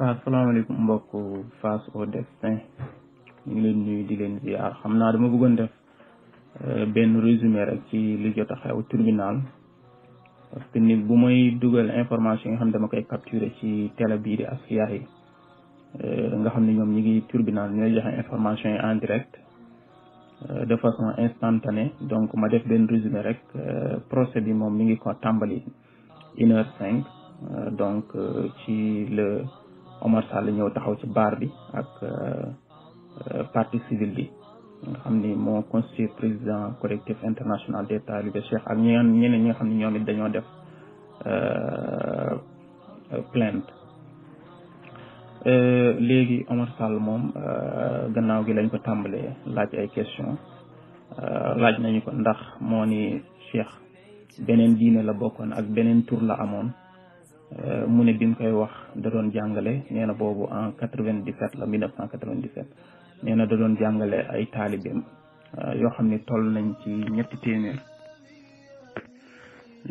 waaw asalaamaaleykum mbokk face au destin ñu ngi leen nuyu di leen ziar xam naa dama bëggoon def euh, benn résumé rek ci li jot a xew tribunal parce que ni bu may dugal information yi nga xam dama koy capturer ci télé bii di asfiya yi euh, nga xam ne ñoom ñi ngi tribunal ñooy joxe information yi en direct euh, de façon instantanée donc ma def benn résumé rek procès bi moom mi ngi ko tàmbali une heure cinq donc ci le Omar Sall ñëw taxaw ci baar bi ak euh, euh, partie civile bi nga xam ni moo constitué président collectif international des talibés cheikh ak ñeneen ñeneen ñi nga xam ne ñoom it dañoo def euh, plainte léegi Omar Sall moom gannaaw gi lañ ko tàmbalee laaj ay question laaj nañu ko ndax moo ni cheikh beneen diine la bokkoon ak beneen tur la amoon Euh, mu ne bi koy wax da doon jàngale nee na boobu en quatre-vingt-dix-sept la mille neuf cent quatre-vingt-dix-sept nee na da doon jàngale ay taalibeem euh, yoo xam ni toll nañ ci ñetti téeméer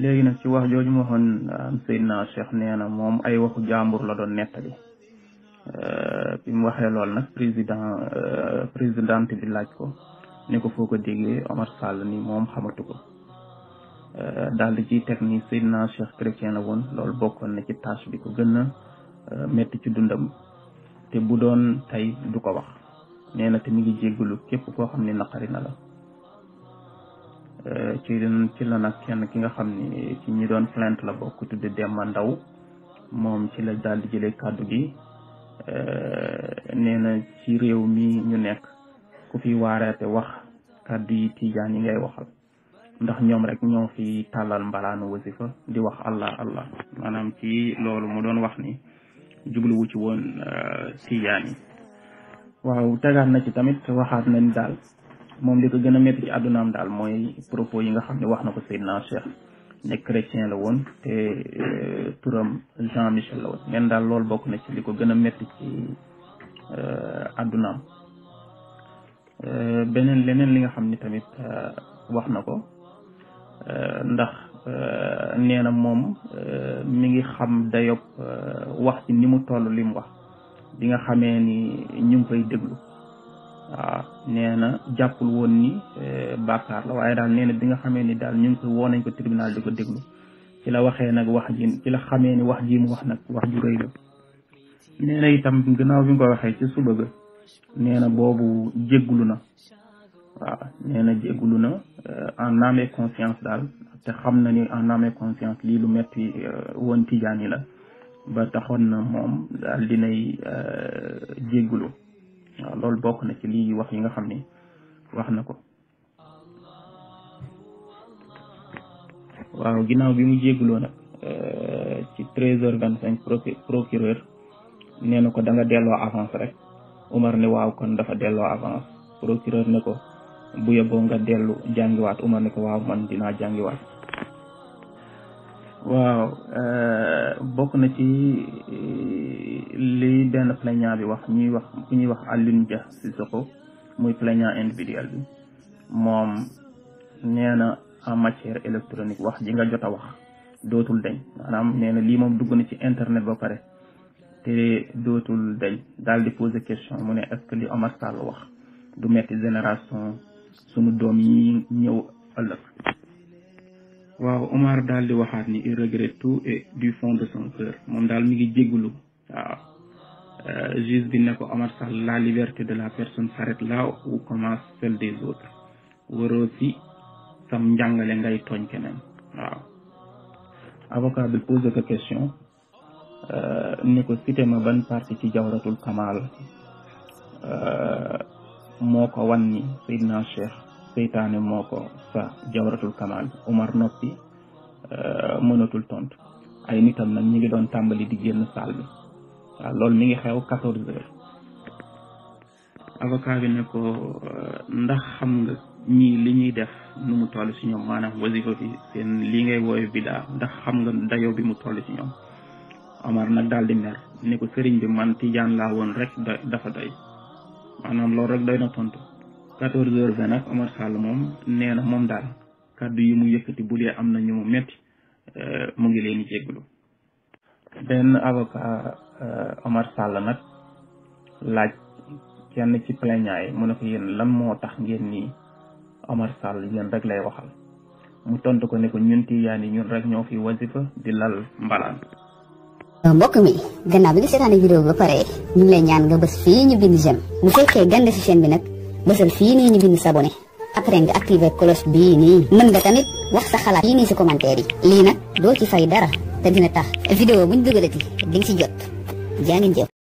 léegi nag ci wax jooju mu waxoon am euh, Seydina Cheikh nee na moom ay waxu jàmbur la doon nettali bi mu waxee lool nag président présidente bi laaj ko ne ko foo ko déggee Omar Sall ni moom xamatu ko daal di ciy teg ni Seydina Cheikh chrétien la woon loolu bokkoon na ci tâche bi ko gën a euh, métti ci dundam te bu doon tey du ko wax nee na te mi ngi jéggalu képp koo xam ne naqari na la euh, ci ci la nag kenn ki nga xam ni ci ñi doon plainte la bokk tudde Demba Ndaw moom ci la daal di jëlee kàddu gi euh, nee na ci réew mi ñu nekk ku fi waareete wax kàddu yi tiijaan yi ngay waxal ndax ñoom rek ñoo fi tàllal mbalaanu wasifa di wax allah allah maanaam ci loolu mu doon wax ni jubluwu ci woon tijaan euh, yi waaw tegaat na ci tamit waxaat na ni daal moom li ko gën a métti ci àddunaam daal mooy propos yi nga xam ne wax na ko Seydina Cheikh ne la woon te euh, daal loolu bokk na ci li ko gën a métti ci euh, àddunaam beneen li nga xam ni tamit wax na ko ndax euh, nee na moom euh, mi ngi xam dayob euh, wax ci ni mu toll li mu wax bi nga xamee ni ñu ngi koy déglu waaw nee na jàppul woon ni bàkkaar la waaye daal nee na bi nga xamee ni daal ñu ngi koy woo nañ ko tribunal di ko déglu ci la waxee nag wax ji ci la xamee ni wax ji mu wax nag wax ju rëy la nee na itam gannaaw bi nga ko waxee ci suba ga nee na boobu jégglu na waaw nee na jégalu na euh, en âme et conscience daal te xam na ni en âme et conscience lii lu metti euh, woon tijaan yi la ba taxoon na moom daal dinay euh, jégalu waaw loolu bokk na ci lii wax yi nga xam ni wax na ko waaw ginnaaw bi mu jégaloo nag ci treize heures vingt cinq procureur nee na ko danga nga delloo avance rek Umar ne waaw kon dafa delloo avance procureur ne ko bu yeboo nga dellu jàngiwaat Umar ne ko waaw man dinaa jàngiwaat waaw euh, bokk na ci euh, li benn plaignant bi wax ñuy wax ku ñuy wax Alioune Dia Sissoko muy plaignant individuel moom nee na en matière électronique wax ji nga jot a wax dootul dañ maanaam nee na lii moom dugg na ci internet ba pare te dootul dañ daal di poser question mu ne est Omar Sall wax du metti génération sunu doom yi ñëw ëllëg waaw Omar daal di waxaat ni il regrette tout et du fond de son cœur moom daal mi ngi jéggulu waaw euh, juge bi ne ko Omar Sall la liberté de la personne s'arrête là où commence celle des autres waroo si sam njàngale ngay tooñ keneen waaw avocat bi pose ko question euh, ni ko cité ma ban parti ci jawratul kamal euh, moko wanni sayidna cheikh seytaane moko ko sa jawratul kamal umar euh monotul tont, ay nitam nag ñi ngi doon tambali di genn sal bi waaw loolu mi ngi xew 14 heures avocat bi ne ko euh, ndax xam nga ñi li ñuy def nu mu toll si ñoom maanaam wasifa bi seen lii ngay bida ndax xam nga dayo bi mu toll si ñoom omar nag daal di mer ne ko sëriñ bi man tijaan laa woon rek dafa doy manam lool rek doyna tontu 14 heures vingt nag Omar Sall mom neena mom dal kaddu yi mu yëkkati bu dee am na ñu mu metti euh, mu ngi leen di jéggalu benn avocat euh, Omar Sall nag laaj kenn ci plaignant yi mu ne ko yéen lan moo tax ngeen ni Omar Sall yéen rek lay waxal mu tontu ko ne ko ñun tiyaani ñun rek ñoo fi wasifa di lal mbalaan mbokk mi gannaaw bi nga video ba pare ñu lay ñaan nga bëss fi ñu bind jëm bu fekkee gande ci chaîne bi nak bëssal fi nii ñu bind s'abonné après nga activer cloche bi ni mën nga tamit wax sa xalaat yi ni ci commentaire yi li nak do ci fay dara te dina tax video buñu dugalati di nga ci jot jaangi jëf